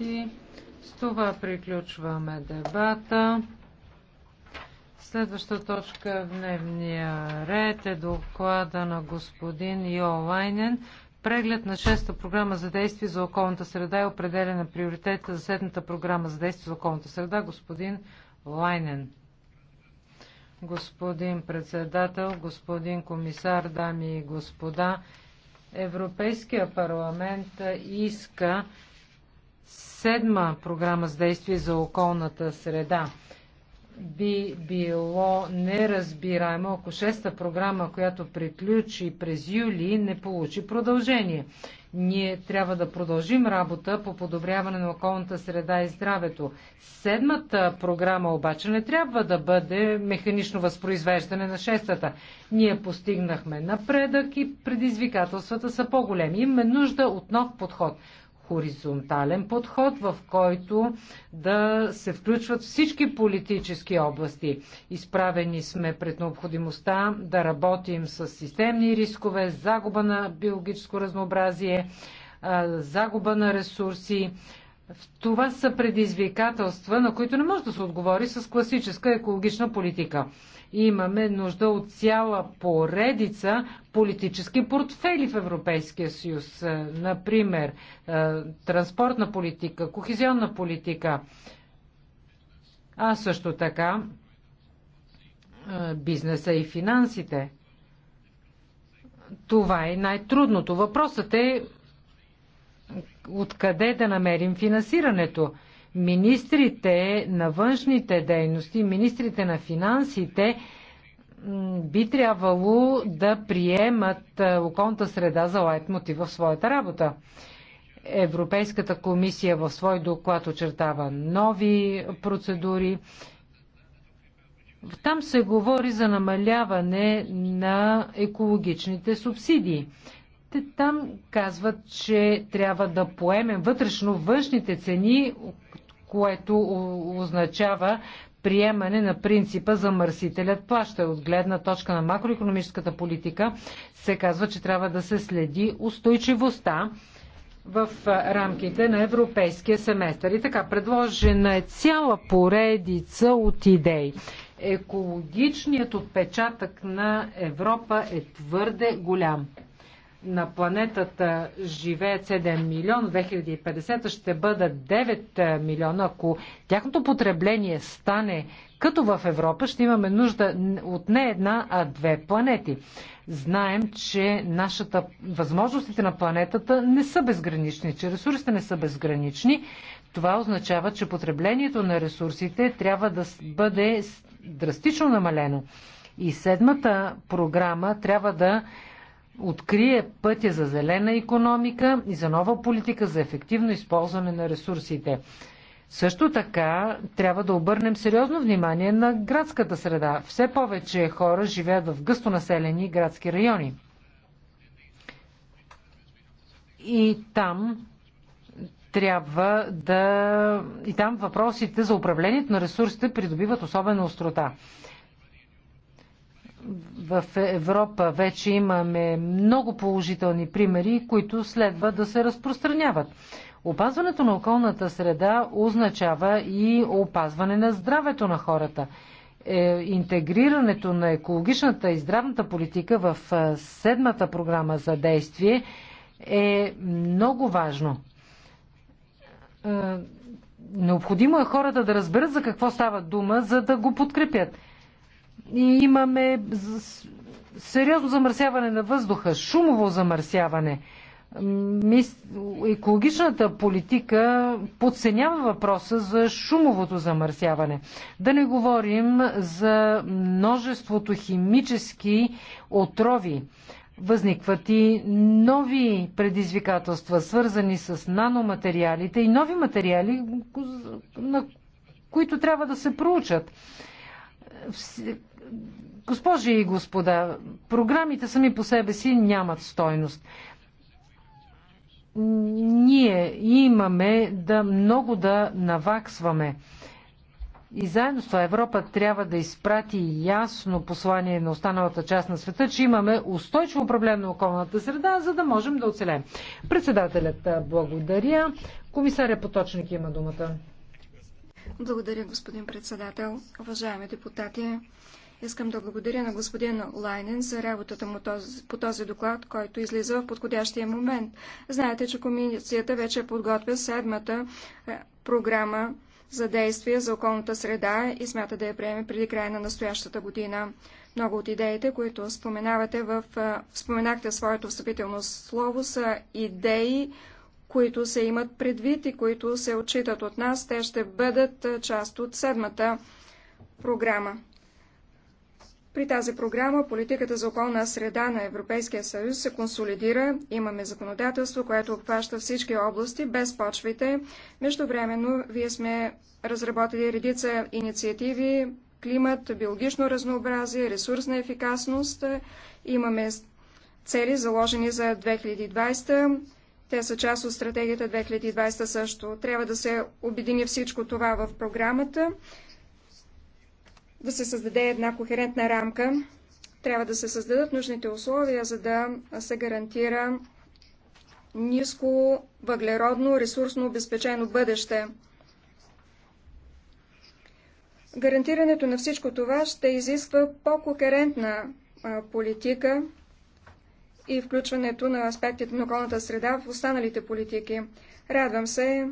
И с това приключваме дебата. Следваща точка в дневния ред е доклада на господин Йолайнен. Преглед на шеста програма за действие за околната среда и определяне на приоритета за седната програма за действие за околната среда, господин Лайнен. Господин председател, господин комисар, дами и господа, Европейския парламент иска седма програма с действие за околната среда. Би било неразбираемо, ако шеста програма, която приключи през юли, не получи продължение. Ние трябва да продължим работа по подобряване на околната среда и здравето. Седмата програма обаче не трябва да бъде механично възпроизвеждане на шестата. Ние постигнахме напредък и предизвикателствата са по-големи. Имаме нужда от нов подход хоризонтален подход, в който да се включват всички политически области. Изправени сме пред необходимостта да работим с системни рискове, загуба на биологическо разнообразие, загуба на ресурси, това са предизвикателства, на които не може да се отговори с класическа екологична политика. Имаме нужда от цяла поредица политически портфели в Европейския съюз. Например, е, транспортна политика, кохезионна политика, а също така е, бизнеса и финансите. Това е най-трудното. Въпросът е откъде да намерим финансирането. Министрите на външните дейности, министрите на финансите би трябвало да приемат околната среда за лайт мотив в своята работа. Европейската комисия в свой доклад очертава нови процедури. Там се говори за намаляване на екологичните субсидии. Те там казват, че трябва да поемем вътрешно външните цени, което означава приемане на принципа за мърсителят плаща. От гледна точка на макроекономическата политика се казва, че трябва да се следи устойчивостта в рамките на европейския семестър. И така, предложена е цяла поредица от идеи. Екологичният отпечатък на Европа е твърде голям на планетата живеят 7 милион 2050 ще бъдат 9 е, милиона. Ако тяхното потребление стане като в Европа, ще имаме нужда от не една, а две планети. Знаем, че нашата, възможностите на планетата не са безгранични, че ресурсите не са безгранични. Това означава, че потреблението на ресурсите трябва да бъде драстично намалено. И седмата програма трябва да открие пътя за зелена економика и за нова политика за ефективно използване на ресурсите. Също така трябва да обърнем сериозно внимание на градската среда. Все повече хора живеят в гъстонаселени градски райони. И там трябва да... И там въпросите за управлението на ресурсите придобиват особена острота в Европа вече имаме много положителни примери, които следва да се разпространяват. Опазването на околната среда означава и опазване на здравето на хората. Е, интегрирането на екологичната и здравната политика в е, седмата програма за действие е много важно. Е, необходимо е хората да разберат за какво става дума, за да го подкрепят. И имаме сериозно замърсяване на въздуха, шумово замърсяване. Екологичната политика подценява въпроса за шумовото замърсяване. Да не говорим за множеството химически отрови. Възникват и нови предизвикателства, свързани с наноматериалите и нови материали, на които трябва да се проучат. Госпожи и господа, програмите сами по себе си нямат стойност. Ние имаме да много да наваксваме. И заедно с това Европа трябва да изпрати ясно послание на останалата част на света, че имаме устойчиво проблем на околната среда, за да можем да оцелем. Председателят благодаря. Комисаря Поточник има думата. Благодаря, господин председател. Уважаеми депутати, искам да благодаря на господин Лайнен за работата му този, по този доклад, който излиза в подходящия момент. Знаете, че комисията вече подготвя седмата е, програма за действие за околната среда и смята да я приеме преди края на настоящата година. Много от идеите, които споменавате в, е, споменахте в своето встъпително слово, са идеи, които се имат предвид и които се отчитат от нас. Те ще бъдат част от седмата програма. При тази програма политиката за околна среда на Европейския съюз се консолидира. Имаме законодателство, което обхваща всички области, без почвите. Междувременно вие сме разработили редица инициативи, климат, биологично разнообразие, ресурсна ефикасност. Имаме цели заложени за 2020 те са част от стратегията 2020 също. Трябва да се обедини всичко това в програмата, да се създаде една кохерентна рамка. Трябва да се създадат нужните условия, за да се гарантира ниско въглеродно ресурсно обезпечено бъдеще. Гарантирането на всичко това ще изисква по-кохерентна политика, и включването на аспектите на околната среда в останалите политики. Радвам се,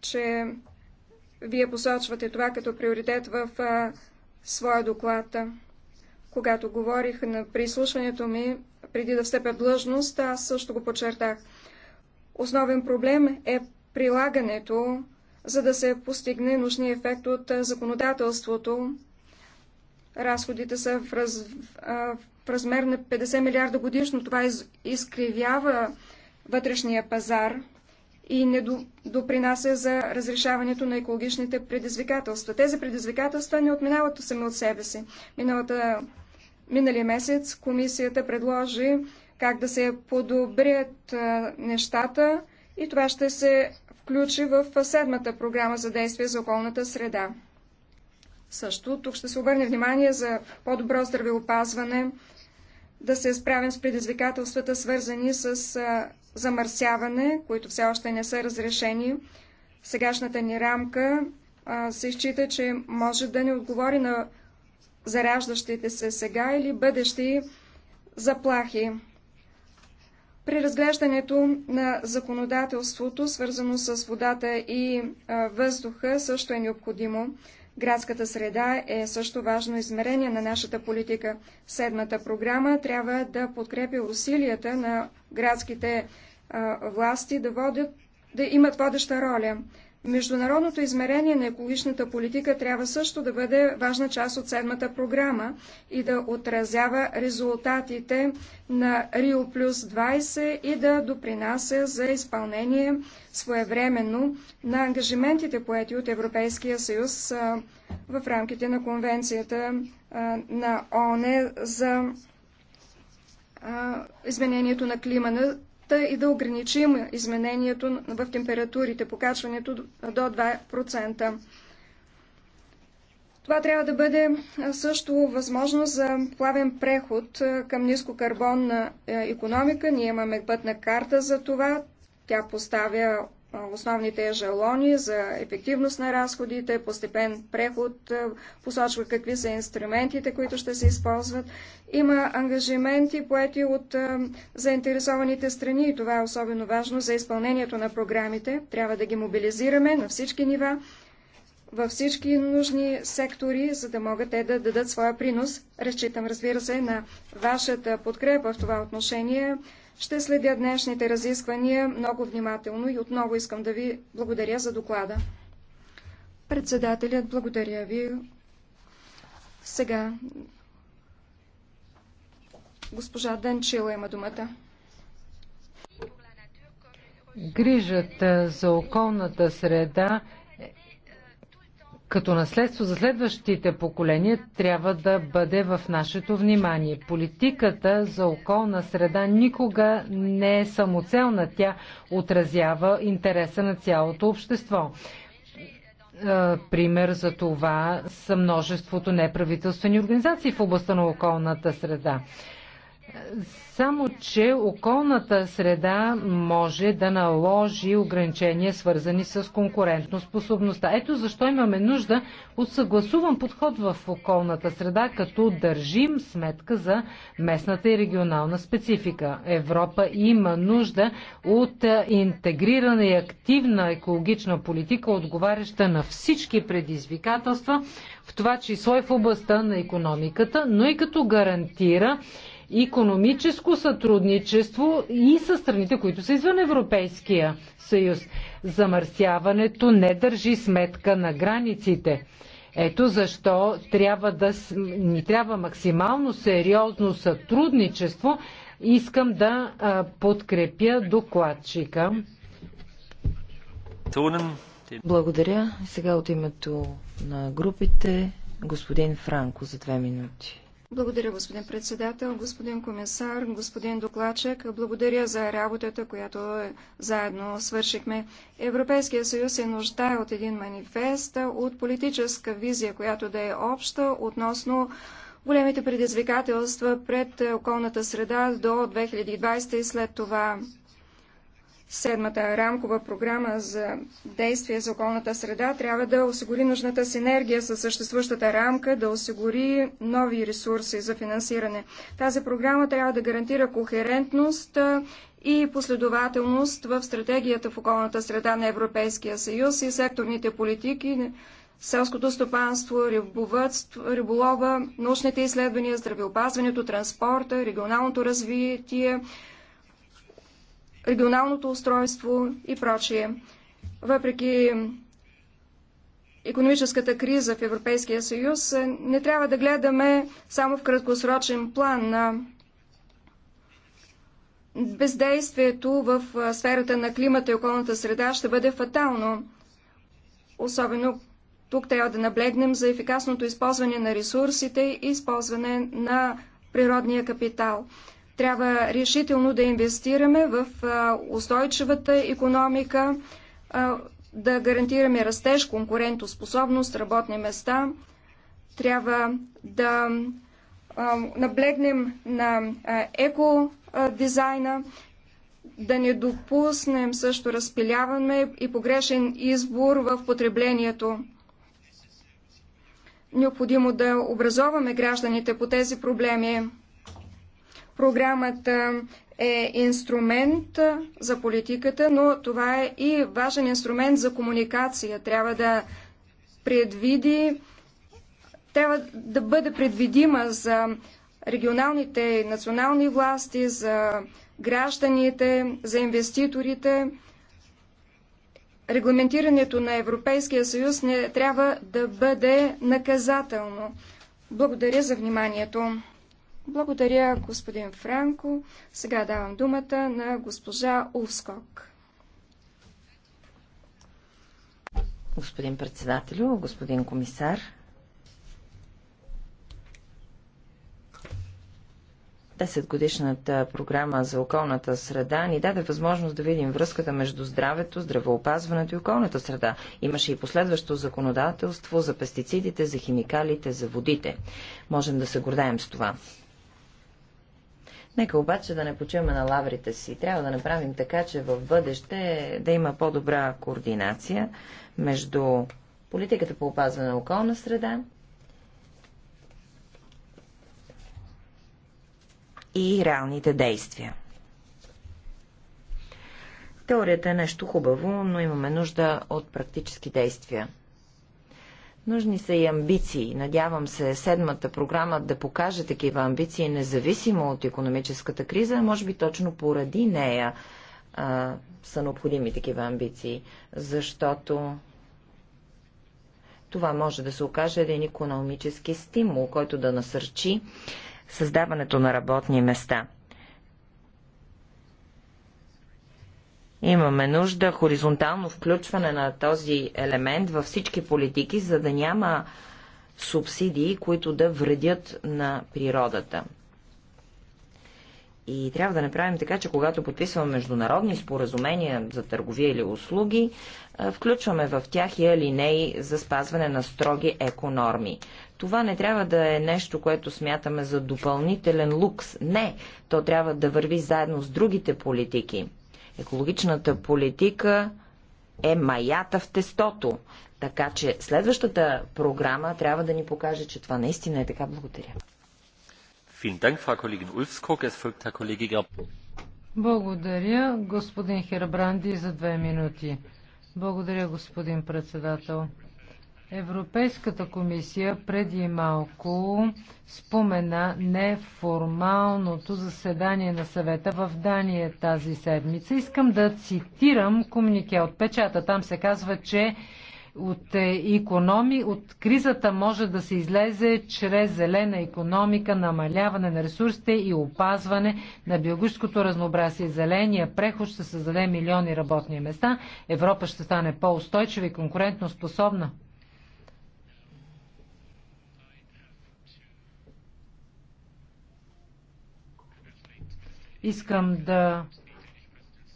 че вие посочвате това като приоритет в а, своя доклад. Когато говорих на прислушването ми, преди да встъпя длъжност, аз също го подчертах. Основен проблем е прилагането, за да се постигне нужния ефект от законодателството, разходите са в, раз, в размер на 50 милиарда годишно. Това из, изкривява вътрешния пазар и не допринася за разрешаването на екологичните предизвикателства. Тези предизвикателства не отминават сами от себе си. Миналата, миналия месец комисията предложи как да се подобрят нещата и това ще се включи в седмата програма за действие за околната среда. Също тук ще се обърне внимание за по-добро здравеопазване, да се справим с предизвикателствата, свързани с замърсяване, които все още не са разрешени. Сегашната ни рамка се изчита, че може да не отговори на зараждащите се сега или бъдещи заплахи. При разглеждането на законодателството, свързано с водата и въздуха, също е необходимо Градската среда е също важно измерение на нашата политика. Седмата програма трябва да подкрепи усилията на градските а, власти да, водят, да имат водеща роля. Международното измерение на екологичната политика трябва също да бъде важна част от седмата програма и да отразява резултатите на Рио плюс 20 и да допринася за изпълнение своевременно на ангажиментите поети от Европейския съюз в рамките на конвенцията на ООН за изменението на климата възможността и да ограничим изменението в температурите, покачването до 2%. Това трябва да бъде също възможно за плавен преход към нискокарбонна економика. Ние имаме пътна карта за това. Тя поставя основните ежалони за ефективност на разходите, постепен преход, посочва какви са инструментите, които ще се използват. Има ангажименти, поети от заинтересованите страни и това е особено важно за изпълнението на програмите. Трябва да ги мобилизираме на всички нива, във всички нужни сектори, за да могат те да дадат своя принос. Разчитам, разбира се, на вашата подкрепа в това отношение. Ще следя днешните разисквания много внимателно и отново искам да ви благодаря за доклада. Председателят, благодаря ви. Сега госпожа Денчила, има думата. Грижата за околната среда като наследство за следващите поколения трябва да бъде в нашето внимание. Политиката за околна среда никога не е самоцелна. Тя отразява интереса на цялото общество. Е, пример за това са множеството неправителствени организации в областта на околната среда. Само, че околната среда може да наложи ограничения, свързани с конкурентно способността. Ето защо имаме нужда от съгласуван подход в околната среда, като държим сметка за местната и регионална специфика. Европа има нужда от интегрирана и активна екологична политика, отговаряща на всички предизвикателства, в това число и в областта на економиката, но и като гарантира економическо сътрудничество и с страните, които са извън Европейския съюз. Замърсяването не държи сметка на границите. Ето защо трябва да, ни трябва максимално сериозно сътрудничество. Искам да а, подкрепя докладчика. Благодаря. Сега от името на групите господин Франко за две минути. Благодаря, господин председател, господин комисар, господин докладчик. Благодаря за работата, която заедно свършихме. Европейския съюз се нуждае от един манифест, от политическа визия, която да е обща относно големите предизвикателства пред околната среда до 2020 и след това. Седмата рамкова програма за действие за околната среда трябва да осигури нужната синергия със съществуващата рамка, да осигури нови ресурси за финансиране. Тази програма трябва да гарантира кохерентност и последователност в стратегията в околната среда на Европейския съюз и секторните политики, селското стопанство, риболова, научните изследвания, здравеопазването, транспорта, регионалното развитие, регионалното устройство и прочие. Въпреки економическата криза в Европейския съюз, е, не трябва да гледаме само в краткосрочен план на бездействието в е, сферата на климата и околната среда ще бъде фатално. Особено тук трябва да наблегнем за ефикасното използване на ресурсите и използване на природния капитал. Трябва решително да инвестираме в устойчивата економика, да гарантираме растеж, конкурентоспособност, работни места. Трябва да наблегнем на екодизайна, да не допуснем също разпиляване и погрешен избор в потреблението. Необходимо да образоваме гражданите по тези проблеми. Програмата е инструмент за политиката, но това е и важен инструмент за комуникация. Трябва да предвиди, трябва да бъде предвидима за регионалните и национални власти, за гражданите, за инвеститорите. Регламентирането на Европейския съюз не трябва да бъде наказателно. Благодаря за вниманието. Благодаря, господин Франко. Сега давам думата на госпожа Улскок. Господин председателю, господин комисар, Десетгодишната програма за околната среда ни даде възможност да видим връзката между здравето, здравеопазването и околната среда. Имаше и последващо законодателство за пестицидите, за химикалите, за водите. Можем да се гордаем с това. Нека обаче да не почиваме на лаврите си. Трябва да направим така, че в бъдеще да има по-добра координация между политиката по опазване на околна среда и реалните действия. Теорията е нещо хубаво, но имаме нужда от практически действия. Нужни са и амбиции. Надявам се седмата програма да покаже такива амбиции, независимо от економическата криза, а може би точно поради нея а, са необходими такива амбиции, защото това може да се окаже един економически стимул, който да насърчи създаването на работни места. Имаме нужда хоризонтално включване на този елемент във всички политики, за да няма субсидии, които да вредят на природата. И трябва да направим така, че когато подписваме международни споразумения за търговия или услуги, включваме в тях и алинеи за спазване на строги еконорми. Това не трябва да е нещо, което смятаме за допълнителен лукс. Не, то трябва да върви заедно с другите политики – Екологичната политика е маята в тестото. Така че следващата програма трябва да ни покаже, че това наистина е така. Благодаря. Благодаря, господин Хербранди, за две минути. Благодаря, господин председател. Европейската комисия преди малко спомена неформалното заседание на съвета в Дания тази седмица. Искам да цитирам комунике от печата. Там се казва, че от економи, от кризата може да се излезе чрез зелена економика, намаляване на ресурсите и опазване на биологическото разнообразие. Зеления преход ще създаде милиони работни места. Европа ще стане по-устойчива и конкурентно способна. Искам да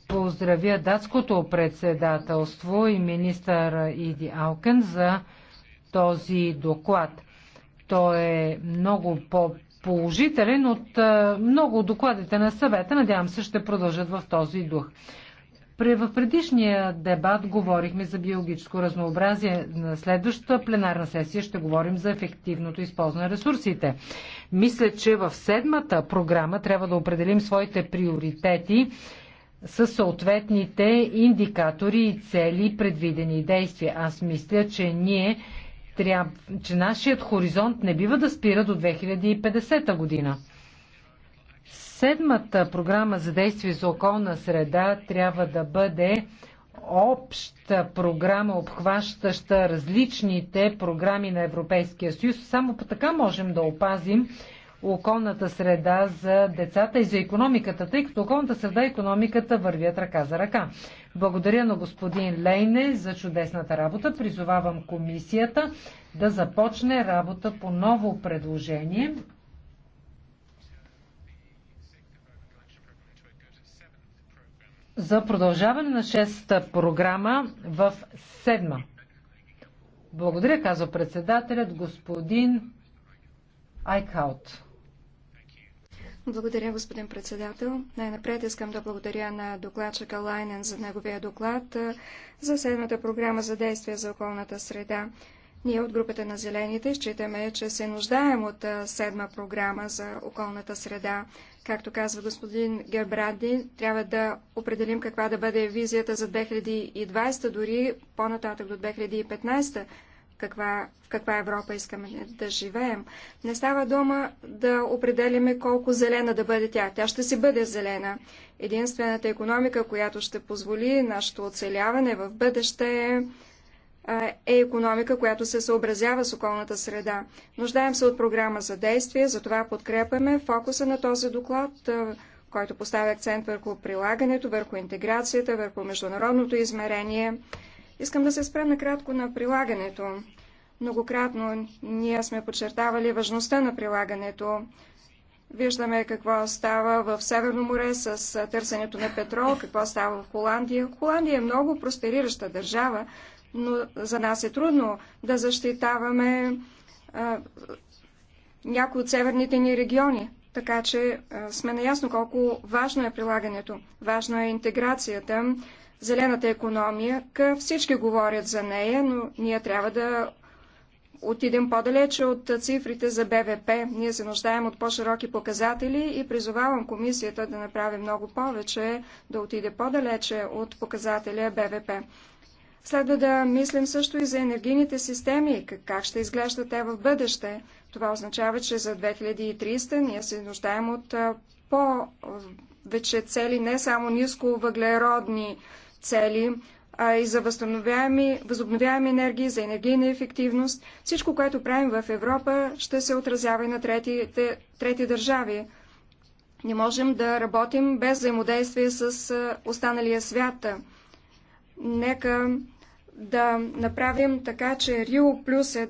поздравя датското председателство и министър Иди Алкен за този доклад. Той е много по-положителен от много докладите на съвета. Надявам се ще продължат в този дух. В предишния дебат говорихме за биологическо разнообразие. На следващата пленарна сесия ще говорим за ефективното използване на ресурсите. Мисля, че в седмата програма трябва да определим своите приоритети с съответните индикатори и цели предвидени действия. Аз мисля, че ние трябва, че нашият хоризонт не бива да спира до 2050 година. Седмата програма за действие за околна среда трябва да бъде обща програма, обхващаща различните програми на Европейския съюз. Само по така можем да опазим околната среда за децата и за економиката, тъй като околната среда и економиката вървят ръка за ръка. Благодаря на господин Лейне за чудесната работа. Призовавам комисията да започне работа по ново предложение. за продължаване на шеста програма в седма. Благодаря, казва председателят господин Айкхаут. Благодаря, господин председател. Най-напред искам да благодаря на докладчика Лайнен за неговия доклад за седмата програма за действие за околната среда. Ние от групата на Зелените считаме, че се нуждаем от седма програма за околната среда. Както казва господин Гербранди, трябва да определим каква да бъде визията за 2020, дори по-нататък до 2015 каква, в каква Европа искаме да живеем. Не става дума да определиме колко зелена да бъде тя. Тя ще си бъде зелена. Единствената економика, която ще позволи нашето оцеляване в бъдеще е е економика, която се съобразява с околната среда. Нуждаем се от програма за действие, затова подкрепяме фокуса на този доклад, който поставя акцент върху прилагането, върху интеграцията, върху международното измерение. Искам да се спра накратко на прилагането. Многократно ние сме подчертавали важността на прилагането. Виждаме какво става в Северно море с търсенето на петрол, какво става в Холандия. Холандия е много просперираща държава, но за нас е трудно да защитаваме а, някои от северните ни региони. Така че а, сме наясно колко важно е прилагането. Важно е интеграцията, зелената економия. всички говорят за нея, но ние трябва да отидем по-далече от цифрите за БВП. Ние се нуждаем от по-широки показатели и призовавам комисията да направи много повече, да отиде по-далече от показателя БВП. Следва да мислим също и за енергийните системи, как ще изглеждат те в бъдеще. Това означава, че за 2300 ние се нуждаем от по-вече цели, не само ниско въглеродни цели, а и за възстановяеми, възобновяеми енергии, за енергийна ефективност. Всичко, което правим в Европа, ще се отразява и на третите, трети държави. Не можем да работим без взаимодействие с останалия свят. Нека да направим така, че Рио плюс, е,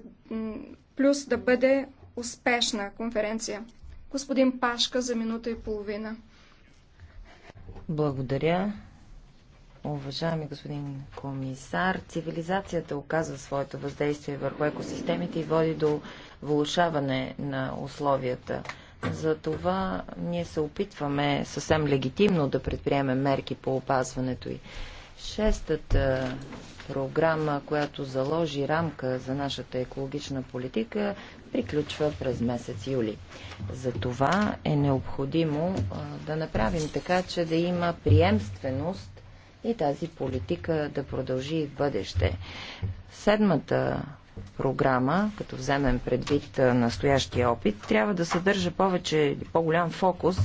плюс да бъде успешна конференция. Господин Пашка за минута и половина. Благодаря. Уважаеми господин комисар, цивилизацията оказва своето въздействие върху екосистемите и води до влушаване на условията. Затова ние се опитваме съвсем легитимно да предприемем мерки по опазването й. Шестата програма, която заложи рамка за нашата екологична политика, приключва през месец юли. За това е необходимо да направим така, че да има приемственост и тази политика да продължи в бъдеще. Седмата програма, като вземем предвид настоящия опит, трябва да съдържа повече или по-голям фокус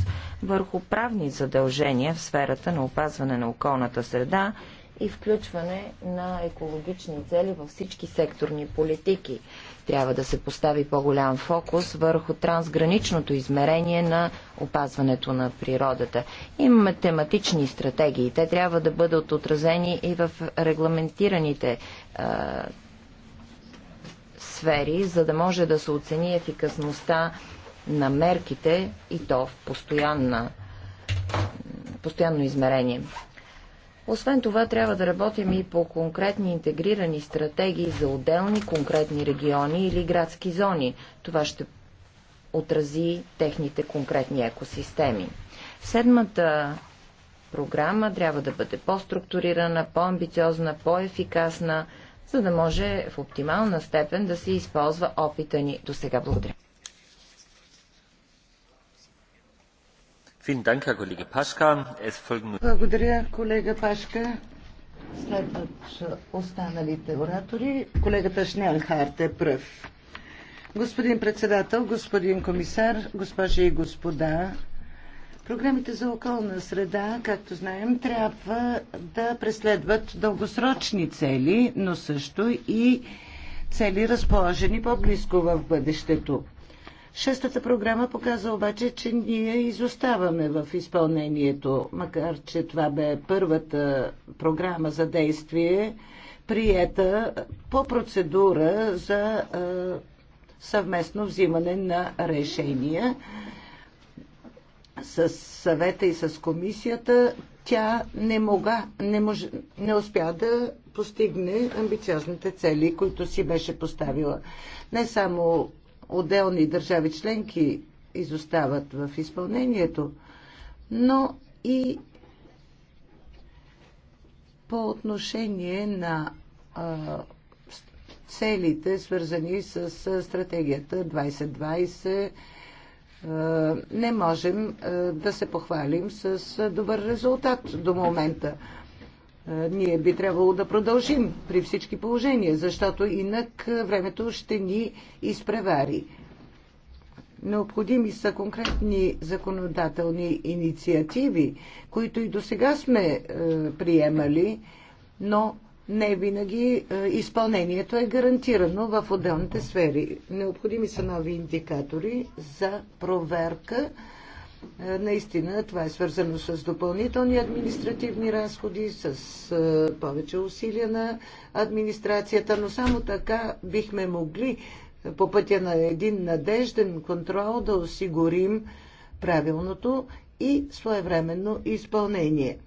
върху правни задължения в сферата на опазване на околната среда и включване на екологични цели във всички секторни политики. Трябва да се постави по-голям фокус върху трансграничното измерение на опазването на природата. Имаме тематични стратегии. Те трябва да бъдат отразени и в регламентираните а, сфери, за да може да се оцени ефикасността на мерките и то в постоянна, постоянно измерение. Освен това, трябва да работим и по конкретни интегрирани стратегии за отделни конкретни региони или градски зони. Това ще отрази техните конкретни екосистеми. Седмата програма трябва да бъде по-структурирана, по-амбициозна, по-ефикасна, за да може в оптимална степен да се използва опита ни до сега. Благодаря. Благодаря, колега Пашка. Следват останалите оратори. Колегата Шнелхарт е пръв. Господин председател, господин комисар, госпожи и господа, програмите за околна среда, както знаем, трябва да преследват дългосрочни цели, но също и цели разположени по-близко в бъдещето. Шестата програма показа обаче, че ние изоставаме в изпълнението, макар че това бе първата програма за действие, приета по процедура за съвместно взимане на решения с съвета и с комисията, тя не, мога, не, мож, не успя да постигне амбициозните цели, които си беше поставила. Не само отделни държави членки изостават в изпълнението, но и по отношение на целите, свързани с стратегията 2020 не можем да се похвалим с добър резултат до момента ние би трябвало да продължим при всички положения, защото инак времето ще ни изпревари. Необходими са конкретни законодателни инициативи, които и до сега сме е, приемали, но не винаги е, изпълнението е гарантирано в отделните сфери. Необходими са нови индикатори за проверка е, наистина това е свързано с допълнителни административни разходи, с е, повече усилия на администрацията, но само така бихме могли е, по пътя на един надежден контрол да осигурим правилното и своевременно изпълнение.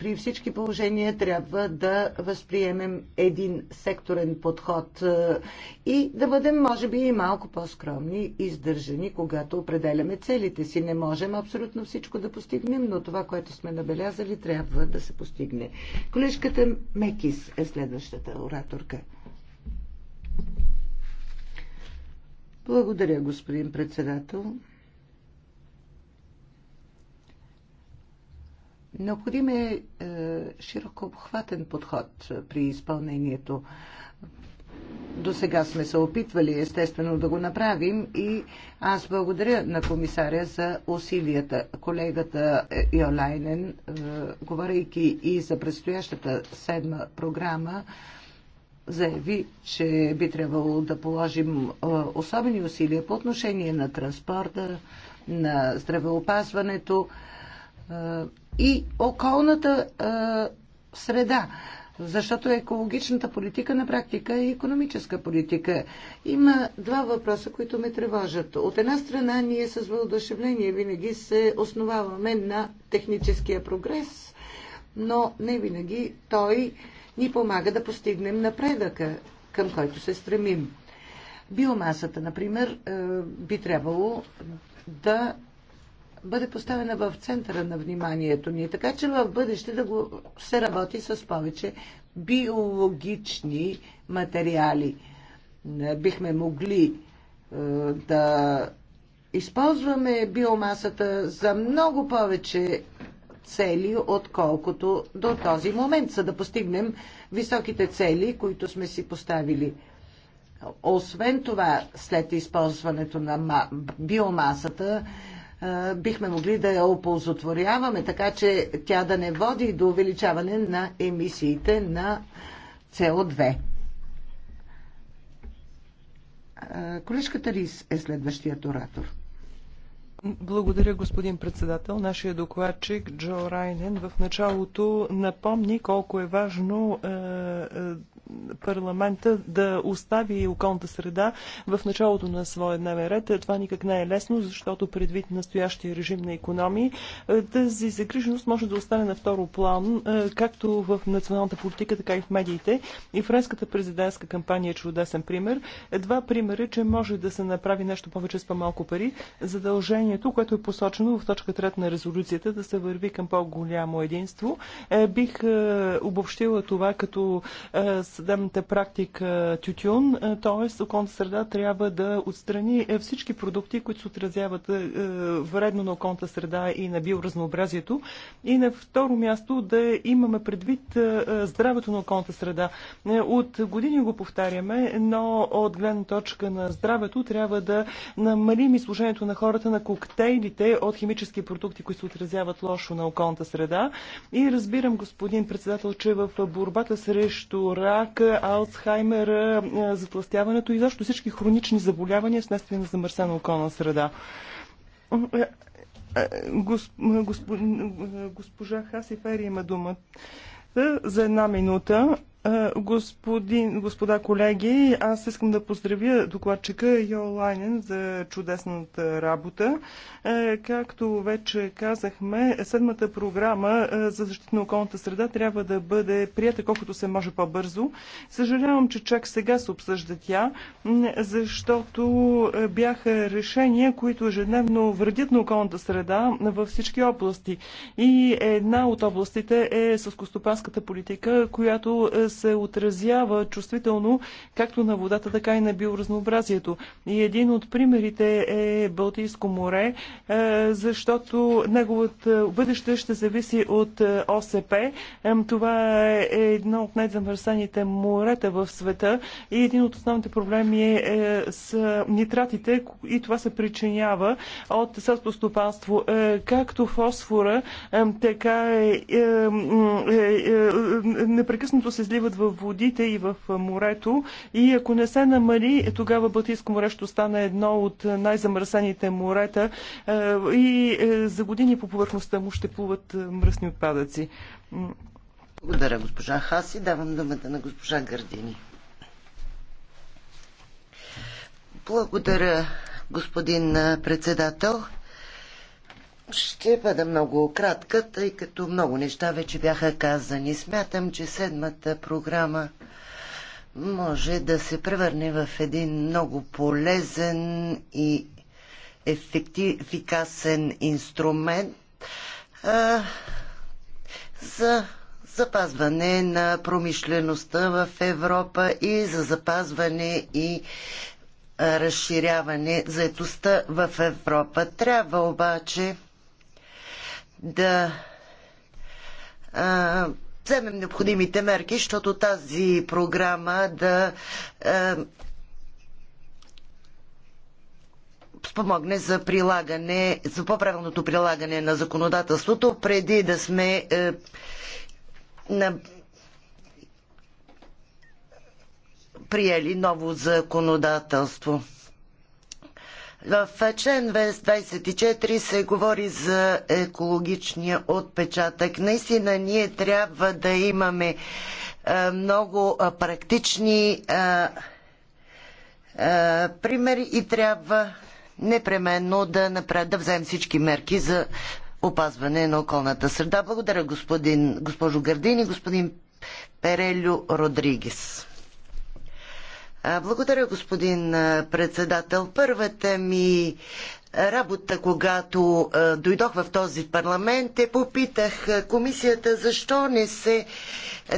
При всички положения трябва да възприемем един секторен подход е, и да бъдем, може би, и малко по-скромни и издържани, когато определяме целите си. Не можем абсолютно всичко да постигнем, но това, което сме набелязали, трябва да се постигне. Колежката Мекис е следващата ораторка. Благодаря, господин председател. Необходим е, е широко обхватен подход е, при изпълнението. До сега сме се опитвали естествено да го направим и аз благодаря на комисаря за усилията. Колегата е, Йолайнен, е, говорейки и за предстоящата седма програма, заяви, че би трябвало да положим е, особени усилия по отношение на транспорта, на здравеопазването и околната а, среда. Защото екологичната политика на практика е економическа политика. Има два въпроса, които ме тревожат. От една страна, ние с въодушевление винаги се основаваме на техническия прогрес, но не винаги той ни помага да постигнем напредъка, към който се стремим. Биомасата, например, е, би трябвало да бъде поставена в центъра на вниманието ни, така че в бъдеще да го се работи с повече биологични материали. Бихме могли е, да използваме биомасата за много повече цели, отколкото до този момент, за да постигнем високите цели, които сме си поставили. Освен това, след използването на биомасата, бихме могли да я оползотворяваме, така че тя да не води до увеличаване на емисиите на CO2. Колежката Рис е следващият оратор. Благодаря, господин председател. Нашия докладчик Джо Райнен в началото напомни колко е важно е, е, парламента да остави околната среда в началото на своя дневен ред. Това никак не е лесно, защото предвид настоящия режим на економии, е, тази загриженост може да остане на второ план, е, както в националната политика, така и в медиите. И френската президентска кампания е чудесен пример. Два примера, че може да се направи нещо повече с по-малко пари. Задължение решението, което е посочено в точка 3 на резолюцията, да се върви към по-голямо единство. Е, бих е, обобщила това като е, съдебната практика тютюн, т.е. околната среда трябва да отстрани всички продукти, които се отразяват вредно на околната среда и на биоразнообразието. И на второ място да имаме предвид здравето на околната среда. От години го повтаряме, но от гледна точка на здравето трябва да намалим изложението на хората на коктейлите от химически продукти, които се отразяват лошо на околната среда. И разбирам, господин председател, че в борбата срещу рак, Алцхаймер, затластяването и защо всички хронични заболявания вследствие на замърсена околна среда. Госпожа Хасифери има думата за една минута. Е, господин, господа колеги, аз искам да поздравя докладчика Йолайнен за чудесната работа. Е, както вече казахме, седмата програма е, за защита на околната среда трябва да бъде прията колкото се може по-бързо. Съжалявам, че чак сега се обсъжда тя, защото бяха решения, които ежедневно вредят на околната среда във всички области. И една от областите е съскостопанската политика, която се отразява чувствително както на водата, така и на биоразнообразието. И един от примерите е Балтийско море, защото неговото бъдеще ще зависи от ОСП. Това е едно от най-замърсаните морета в света и един от основните проблеми е с нитратите и това се причинява от селското стопанство. Както фосфора, така е, е, е, непрекъснато се излива изливат в водите и в морето и ако не се намали, е, тогава Балтийско море ще стане едно от най-замърсените морета и е, за години по повърхността му ще плуват мръсни отпадъци. Благодаря, госпожа Хаси. Давам думата на госпожа Гърдини. Благодаря, господин председател. Ще бъда много кратка, тъй като много неща вече бяха казани. Смятам, че седмата програма може да се превърне в един много полезен и ефикасен инструмент а, за запазване на промишлеността в Европа и за запазване и разширяване заетостта в Европа. Трябва обаче да а, вземем необходимите мерки, защото тази програма да а, спомогне за прилагане, за по-правилното прилагане на законодателството, преди да сме а, е, на, приели ново законодателство. В член 24 се говори за екологичния отпечатък. Наистина ние трябва да имаме е, много е, практични е, примери и трябва непременно да, направ... да вземем всички мерки за опазване на околната среда. Благодаря господин, госпожо Гърдини, господин Перелю Родригес. Благодаря, господин председател. Първата ми работа, когато дойдох в този парламент, е попитах комисията защо не, се,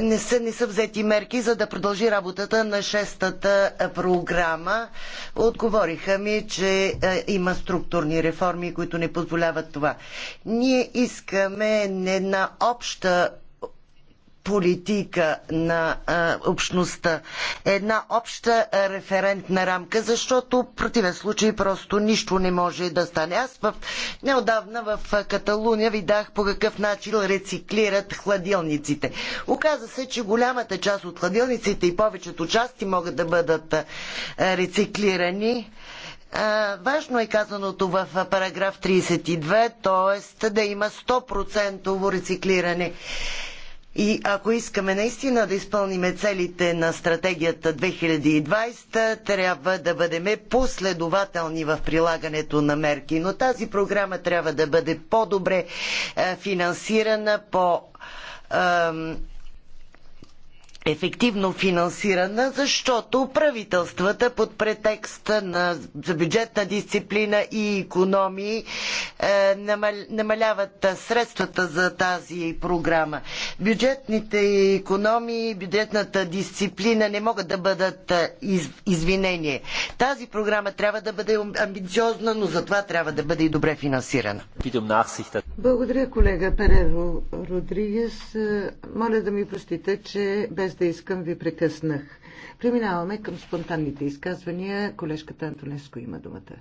не, са, не са взети мерки, за да продължи работата на шестата програма. Отговориха ми, че има структурни реформи, които не позволяват това. Ние искаме една обща политика на а, общността, една обща референтна рамка, защото в противен случай просто нищо не може да стане. Аз в, неодавна в Каталуния видях по какъв начин рециклират хладилниците. Оказа се, че голямата част от хладилниците и повечето части могат да бъдат а, рециклирани. Важно е казаното в параграф 32, т.е. да има 100% рециклиране. И ако искаме наистина да изпълним целите на стратегията 2020, трябва да бъдем последователни в прилагането на мерки. Но тази програма трябва да бъде по-добре е, финансирана, по- ефективно финансирана, защото правителствата под претекста на бюджетна дисциплина и економии е, намаляват средствата за тази програма. Бюджетните економии, бюджетната дисциплина не могат да бъдат е, извинение. Тази програма трябва да бъде амбициозна, но затова трябва да бъде и добре финансирана. Благодаря, колега Перево Родригес. Е, моля да ми простите, че без без да искам ви прекъснах. Преминаваме към спонтанните изказвания. Колежката Антонеско има думата.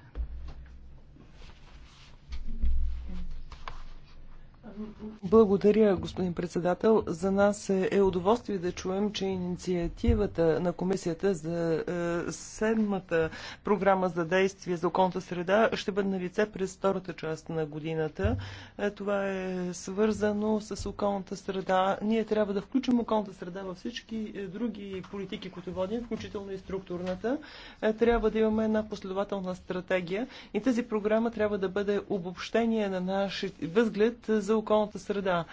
Благодаря, господин председател. За нас е, е удоволствие да чуем, че инициативата на комисията за е, седмата програма за действие за околната среда ще бъде на лице през втората част на годината. Е, това е свързано с околната среда. Ние трябва да включим околната среда във всички други политики, които водим, включително и структурната. Трябва да имаме една последователна стратегия и тази програма трябва да бъде обобщение на нашия възглед за околната околната среда.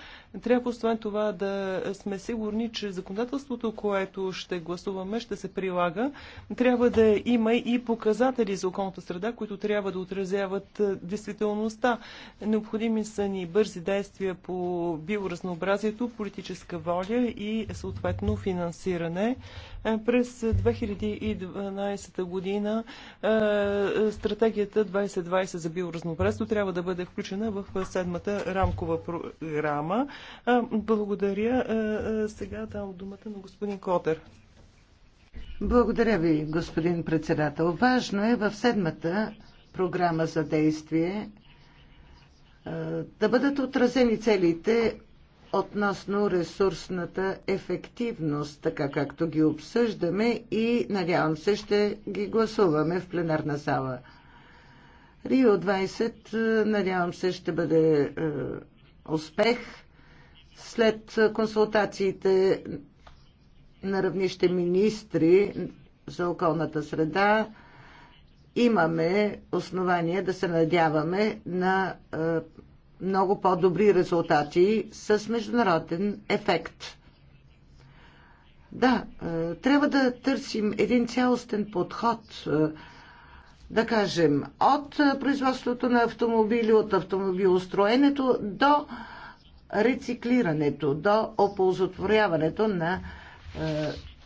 Трябва освен това да сме сигурни, че законодателството, което ще гласуваме, ще се прилага. Трябва да има и показатели за околната среда, които трябва да отразяват действителността. Необходими са ни бързи действия по биоразнообразието, политическа воля и съответно финансиране. Е, през 2012 година е, стратегията 2020 за биоразнообразство трябва да бъде включена в седмата рамкова програма. Е, благодаря. Сега дам думата на господин Котер. Благодаря ви, господин председател. Важно е в седмата програма за действие да бъдат отразени целите относно ресурсната ефективност, така както ги обсъждаме и надявам се ще ги гласуваме в пленарна зала. Рио 20, е, надявам се, ще бъде е, успех. След консултациите на равнище министри за околната среда, имаме основание да се надяваме на е, много по-добри резултати с международен ефект. Да, е, трябва да търсим един цялостен подход, е, да кажем, от производството на автомобили, от автомобилостроенето до рециклирането, до оползотворяването на е,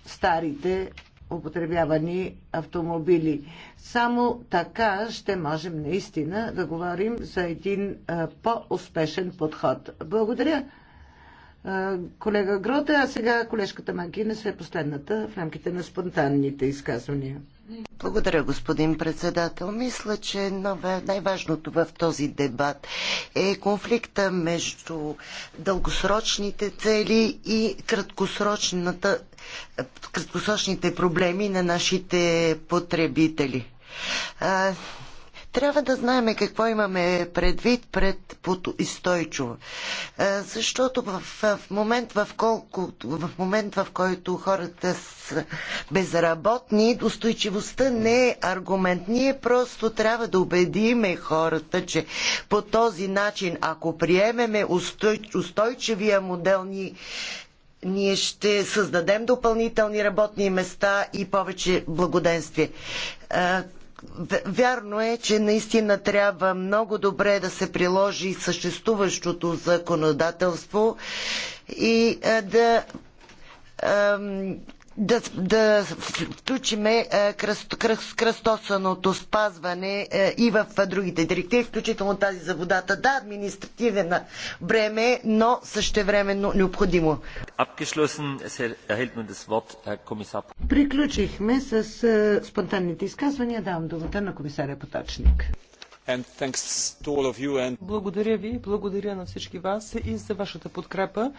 старите употребявани автомобили. Само така ще можем наистина да говорим за един по-успешен подход. Благодаря, колега Грота, а сега колежката се е последната в рамките на спонтанните изказвания. Благодаря, господин председател. Мисля, че най-важното в този дебат е конфликта между дългосрочните цели и краткосрочните проблеми на нашите потребители. Трябва да знаем какво имаме предвид пред изстойчиво. Е, защото в, в, момент, в, колко, в момент, в който хората са безработни, достойчивостта не е аргумент. Ние просто трябва да убедиме хората, че по този начин, ако приемеме устой, устойчивия модел, ни ние ще създадем допълнителни работни места и повече благоденствие. Е, Вярно е, че наистина трябва много добре да се приложи съществуващото законодателство и да да, да включиме е, кръст, кръстосаното спазване е, и в другите директиви, включително тази за водата. Да, административен бреме, но същевременно необходимо. Е, Приключихме с спонтанните изказвания. Давам думата на комисаря Поточник. Благодаря ви, благодаря на всички вас и за вашата подкрепа.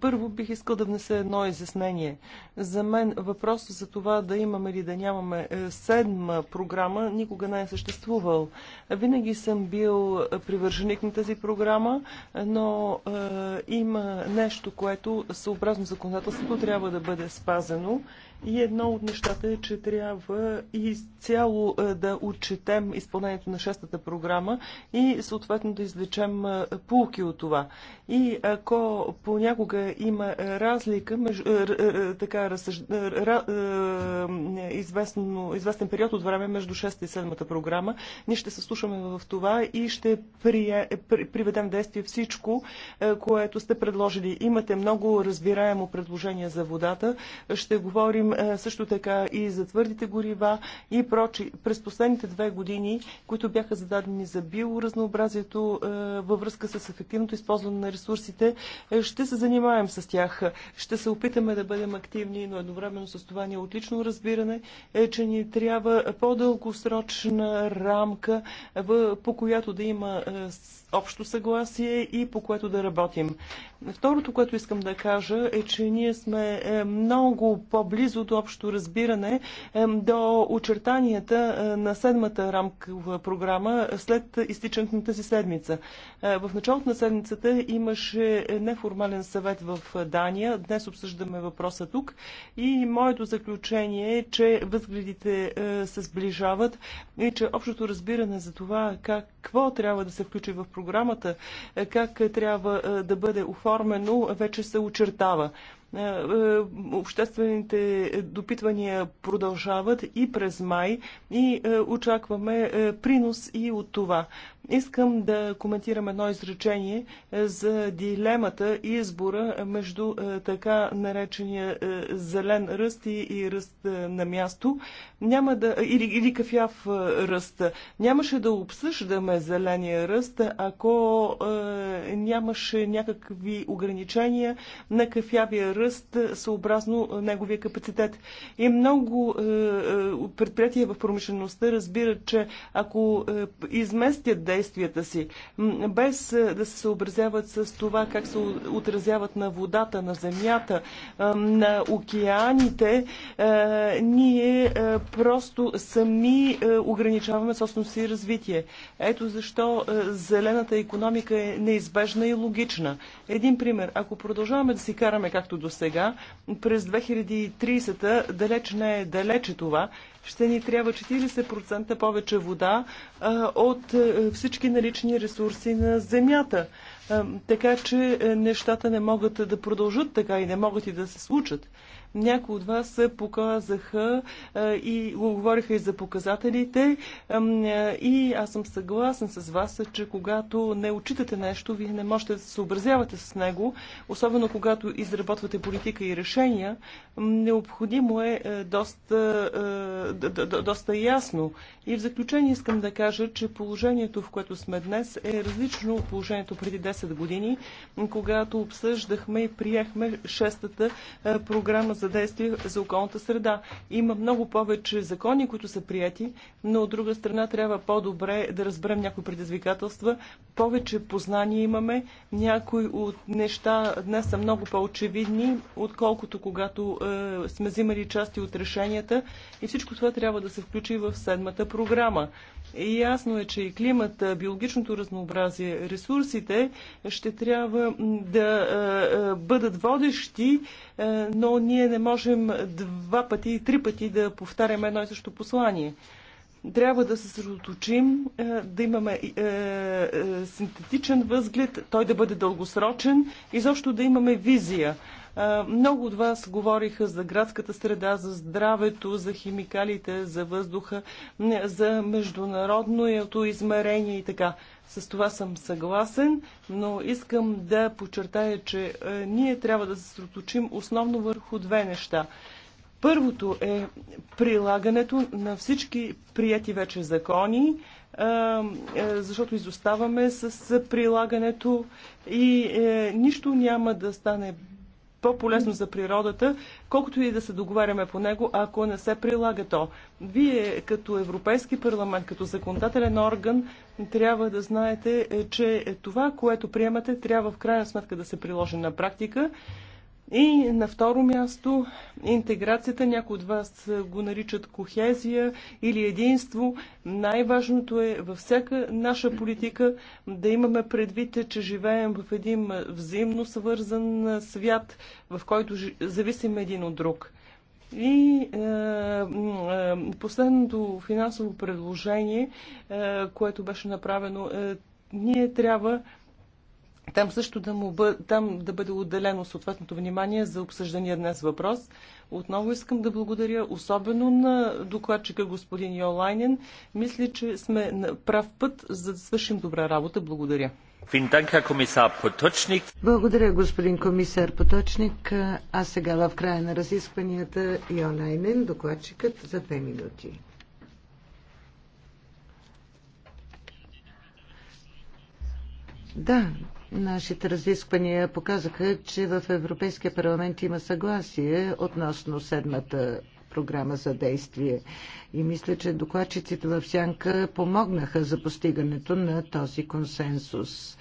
Първо бих искал да внеса едно изяснение. За мен въпросът за това да имаме или да нямаме е, седма програма никога не е съществувал. Винаги съм бил привърженик на тази програма, но е, има нещо, което съобразно законодателството трябва да бъде спазено и едно от нещата е, че трябва изцяло е, да отчетем изпълнението на шестата програма и съответно да извлечем полки от това. И ако понякога има разлика, между, така, разсъж... раз... известно, известен период от време между 6 и 7 програма, ние ще се слушаме в това и ще при... приведем действие всичко, което сте предложили. Имате много разбираемо предложение за водата. Ще говорим също така и за твърдите горива и прочи. През последните две години, които бяха задавани дадени за биоразнообразието е, във връзка с ефективното използване на ресурсите. Е, ще се занимаем с тях. Ще се опитаме да бъдем активни, но едновременно с това ни е отлично разбиране, е, че ни трябва по-дългосрочна рамка, по която да има общо съгласие и по което да работим. Второто, което искам да кажа е, че ние сме е, много по-близо до общо разбиране е, до очертанията е, на седмата рамкова програма след изтичането на тази седмица. В началото на седмицата имаше неформален съвет в Дания. Днес обсъждаме въпроса тук и моето заключение е, че възгледите се сближават и че общото разбиране за това какво трябва да се включи в програмата програмата, е, как е, трябва е, да бъде оформено, вече се очертава. Е, е, обществените допитвания продължават и през май и е, очакваме принос и от това. Искам да коментирам едно изречение за дилемата и избора между така наречения зелен ръст и ръст на място. Няма да, или, или кафяв ръст. Нямаше да обсъждаме зеления ръст, ако нямаше някакви ограничения на кафявия ръст ръст е, съобразно е, неговия капацитет. И много е, предприятия в промишлеността разбират, че ако изместят действията си, без да се съобразяват с това как се отразяват на водата, на земята, на океаните, ние просто сами ограничаваме собственото си развитие. Ето защо зелената економика е неизбежна и логична. Един пример. Ако продължаваме да си караме както до сега. През 2030-та, далеч не е далече това, ще ни трябва 40% повече вода а, от е, всички налични ресурси на Земята. А, е, така че е, нещата не могат да продължат така и не могат и да се случат. Някои от вас показаха и говориха и за показателите и аз съм съгласен с вас, че когато не отчитате нещо, вие не можете да се съобразявате с него, особено когато изработвате политика и решения. Необходимо е доста, доста ясно. И в заключение искам да кажа, че положението, в което сме днес, е различно от положението преди 10 години, когато обсъждахме и приехме шестата програма за за действие за околната среда. Има много повече закони, които са прияти, но от друга страна трябва по-добре да разберем някои предизвикателства. Повече познания имаме. Някои от неща днес са много по-очевидни, отколкото когато е, сме взимали части от решенията. И всичко това трябва да се включи в седмата програма. Ясно е, че и климата, биологичното разнообразие, ресурсите ще трябва да е, е, бъдат водещи, е, но ние не можем два пъти и три пъти да повтаряме едно и също послание трябва да се съсредоточим, да имаме е, е, синтетичен възглед, той да бъде дългосрочен, и защо да имаме визия. Много от вас говориха за градската среда, за здравето, за химикалите, за въздуха, за международното измерение и така. С това съм съгласен, но искам да подчертая, че ние трябва да се съсредоточим основно върху две неща. Първото е прилагането на всички прияти вече закони, защото изоставаме с прилагането и е, нищо няма да стане по-полезно за природата, колкото и да се договаряме по него, ако не се прилага то. Вие като Европейски парламент, като законодателен орган, трябва да знаете, е, че това, което приемате, трябва в крайна сметка да се приложи на практика. И на второ място, интеграцията, някои от вас го наричат кохезия или единство. Най-важното е във всяка наша политика да имаме предвид, че живеем в един взаимно свързан свят, в който зависим един от друг. И е, е, последното финансово предложение, е, което беше направено, е, ние трябва там също да, му бъ... там да бъде отделено съответното внимание за обсъждания днес въпрос. Отново искам да благодаря особено на докладчика господин Йолайнен. Мисля, че сме на прав път за да свършим добра работа. Благодаря. Благодаря, господин комисар Поточник. А сега в края на разискванията Йолайнен, докладчикът за две минути. Да, Нашите разисквания показаха, че в Европейския парламент има съгласие относно седмата програма за действие. И мисля, че докладчиците в Сянка помогнаха за постигането на този консенсус.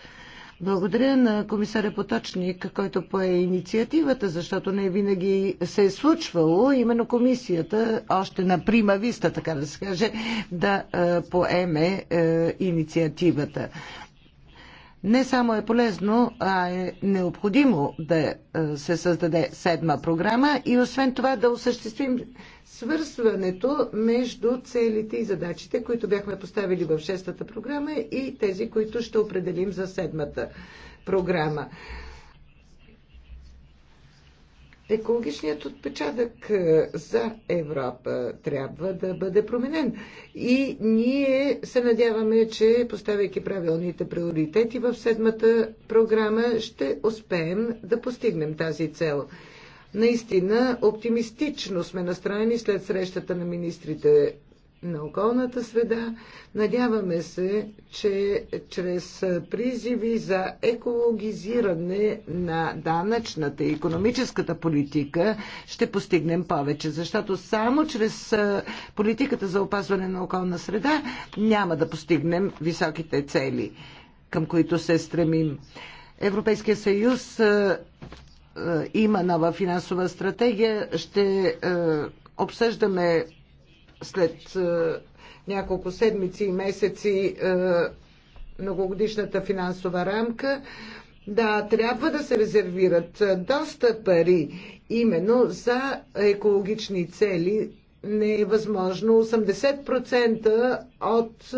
Благодаря на комисаря Поточник, който пое инициативата, защото не винаги се е случвало именно комисията, още на прима виста, така да се каже, да поеме инициативата не само е полезно, а е необходимо да е, се създаде седма програма и освен това да осъществим свързването между целите и задачите, които бяхме поставили в шестата програма и тези, които ще определим за седмата програма екологичният отпечатък е, за Европа трябва да бъде променен. И ние се надяваме, че поставяйки правилните приоритети в седмата програма, ще успеем да постигнем тази цел. Наистина оптимистично сме настроени след срещата на министрите на околната среда. Надяваме се, че чрез призиви за екологизиране на данъчната и економическата политика ще постигнем повече, защото само чрез политиката за опазване на околна среда няма да постигнем високите цели, към които се стремим. Европейския съюз има нова финансова стратегия. Ще обсъждаме след е, няколко седмици и месеци е, многогодишната финансова рамка. Да, трябва да се резервират е, доста пари именно за екологични цели. Не е възможно 80% от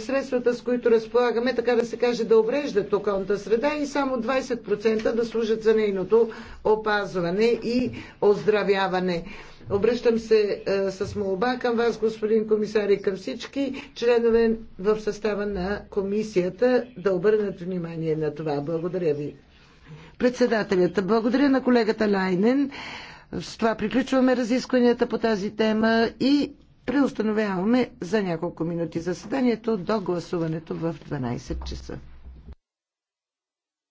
средствата, с които разполагаме, така да се каже, да обреждат околната среда и само 20% да служат за нейното опазване и оздравяване. Обръщам се а, е, с молба към вас, господин комисар, и към всички членове в състава на комисията да обърнат внимание на това. Благодаря ви. Председателят, благодаря на колегата Лайнен. С това приключваме разискванията по тази тема и преустановяваме за няколко минути заседанието до гласуването в 12 часа.